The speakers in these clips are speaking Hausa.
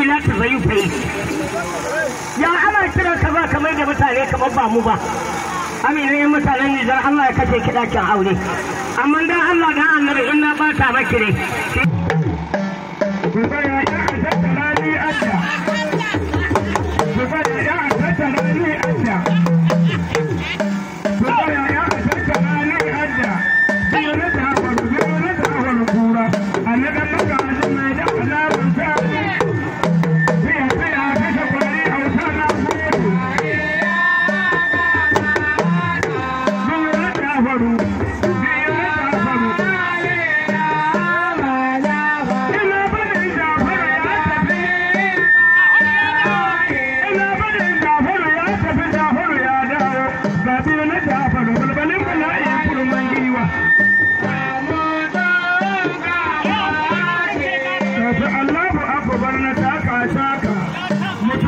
ila ta zayu bai ya ana kiran ka ba kamar da mutane kamar ba mu ba aminin mutanen Nijar Allah ya kashe kace kin aure amma dan Allah dan annabi in na bata maki ne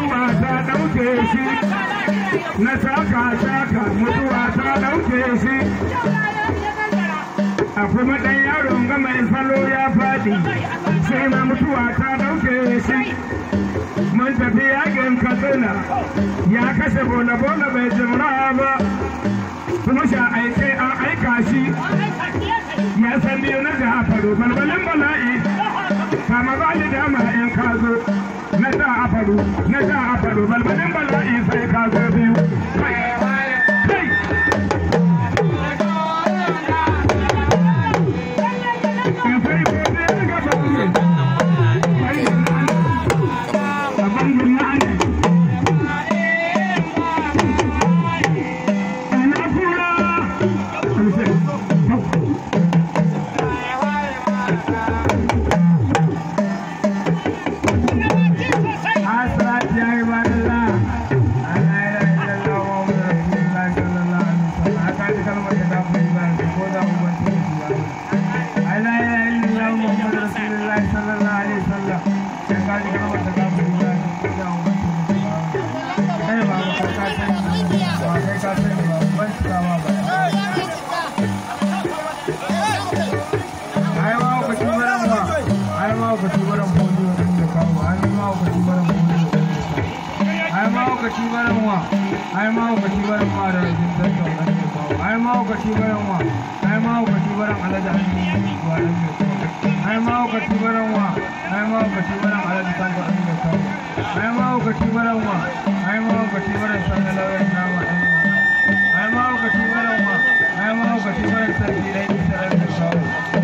mutuwa ta ɗauke shi na saka saka mutuwa ta ɗauke shi a kuma ɗan yaron ga mai salo ya faɗi sai na mutuwa ta ɗauke shi mun tafi yakin katsina ya kashe bola-bola bai jimra ba kuma sha aike an aika shi ya san biyu na jihar faru balbalin bala'i kashi baran wa ai ma kashi baran ma da jin tantan alaji ko ai ma kashi baran wa ai ma kashi baran alaji alaji ko alaji ko ai ma wa ai ma kashi baran alaji tantan alaji ko ai ma Ka wa ai ma kashi baran sanan lawan nama ai ma wa ai ma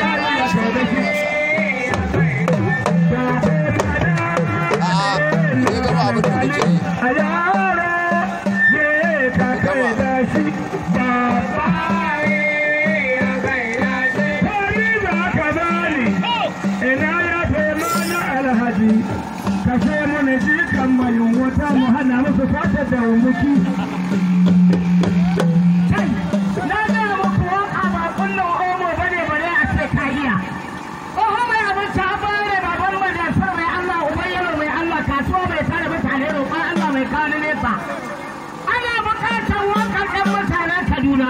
mu hana musu fatar da wumbuki na ga muku wanka ba kullum omo bane bane a ce ka iya oho mai abinci an bare baban babar da mai Allah uban mai Allah kasuwa mai tare mutane roƙon Allah mai kawo nesa ana bukatar wankan ɗan mutanen Kaduna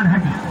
我还没。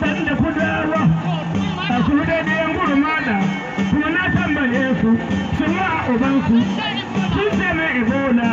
dan da kudawa a su da biyan gurmada kuma na tambaye su sun ma a ubansu sun ce mai ebola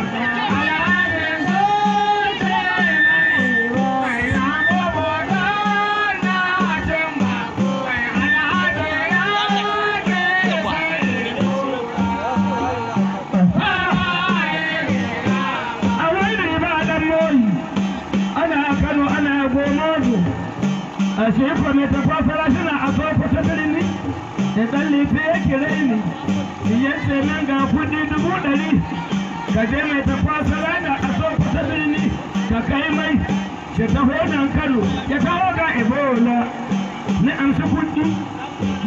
ga kudi dubu ɗari ka je mai ta kwasa lada a so kusa birni ka kai mai shi ta hodon kano ya kawo ga ebola ni an su kudi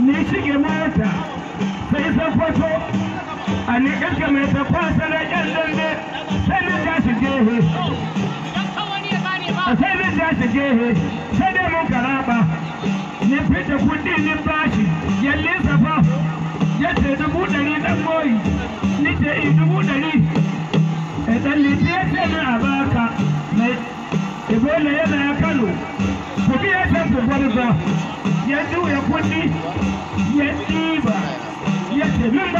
ni shige mota sai sakwato a ni iska mai ta kwasa na ƴan dambe sai ni ja shi gehe a sai ni ja shi gehe sai dai mun karaba ni fita kudi ni bashi ce i dubu ɗari ya eh, ɗan liti ya ce na a baka mai ibola yana kano kuɗi ya ce su farza ya juya kudi ya ɗiba ya ce min